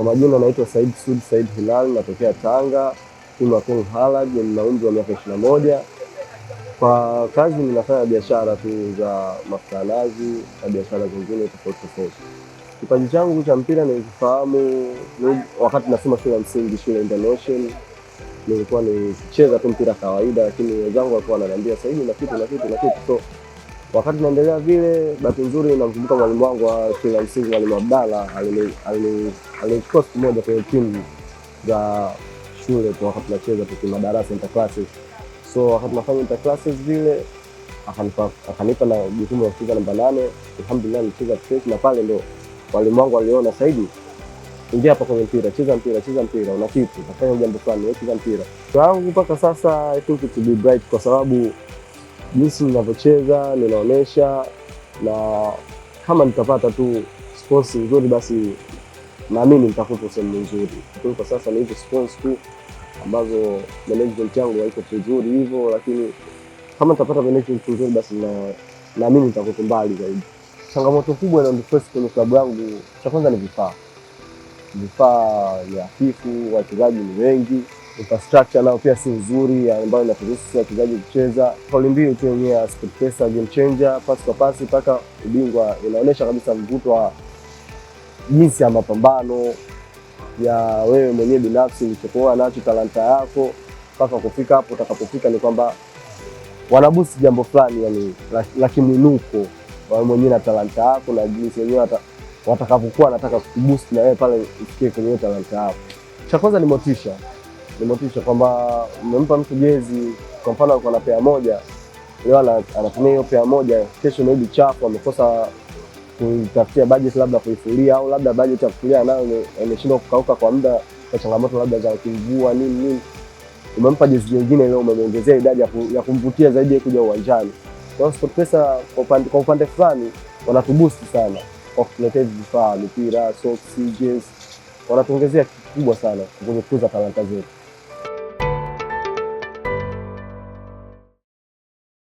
Kwa majina naitwa Said Sud Said Hilal, natokea Tanga, timu ya Kong Halad, nina umri wa miaka ishirini na moja. Kwa kazi ninafanya biashara tu za mafuta nazi na biashara zingine tofauti tofauti. Kipaji changu cha mpira nilifahamu wakati nasoma shule ya msingi, shule International. Nilikuwa nicheza tu mpira kawaida, lakini wenzangu walikuwa wananiambia saidi na kitu na kitu na kitu so Wakati naendelea vile, bahati nzuri namkumbuka mwalimu wangu wa shule ya msingi, mwalimu Abdala alinichukua siku moja kwenye timu za shule tu, wakati tunacheza kwa madarasa interclasses. So wakati nafanya interclasses vile akanipa na jukumu la kucheza namba nane. Alhamdulillah nicheza straight, na pale ndo mwalimu wangu aliona Saidi, ingia hapa kwenye mpira, cheza mpira, cheza mpira, una kitu, nafanya jambo fulani, cheza mpira wangu mpaka sasa, I think it will be bright kwa sababu jinsi ninavyocheza ninaonyesha na kama nitapata tu sponsi nzuri, basi naamini nitakuwepo sehemu nzuri, lakini kwa sasa ni hizo sponsi tu ambazo management yangu haiko vizuri hivyo, lakini kama nitapata management nzuri, basi naamini nitakuwepo mbali zaidi. Changamoto kubwa inayoniface kwenye klabu yangu, cha kwanza ni vifaa. Vifaa ni hafifu, wachezaji ni wengi infrastructure nao pia si nzuri, ambayo inaturuhusu wachezaji kucheza. Kauli mbiu tu yenyewe ya SportPesa game changer, pasi kwa pasi mpaka ubingwa, inaonyesha kabisa mvuto wa jinsi ya mapambano ya wewe mwenyewe binafsi, ulichokuwa nacho talanta yako mpaka kufika hapo utakapofika, ni kwamba wanabusi jambo fulani yani la kimwinuko wewe mwenyewe na talanta yako na jinsi wenyewe watakapokuwa wanataka kukubusti na wewe pale, ifikie kwenye talanta yako. Cha kwanza ni motisha ni motisha kwamba umempa mtu jezi, kwa mfano alikuwa na pea moja, leo anatumia hiyo pea moja, kesho maybe chafu, amekosa kutafutia bajeti labda kuifulia, au labda bajeti ya kufulia nayo imeshindwa kukauka kwa muda kwa changamoto labda za kimvua nini nini, umempa jezi nyingine leo, umemwongezea idadi ya kumvutia zaidi kuja uwanjani. Kwa hiyo SportPesa kwa upande fulani wanatubusti sana kwa kutuletea hivi vifaa, mipira, soksi, jezi, wanatuongezea kikubwa sana kwenye kukuza talanta zetu.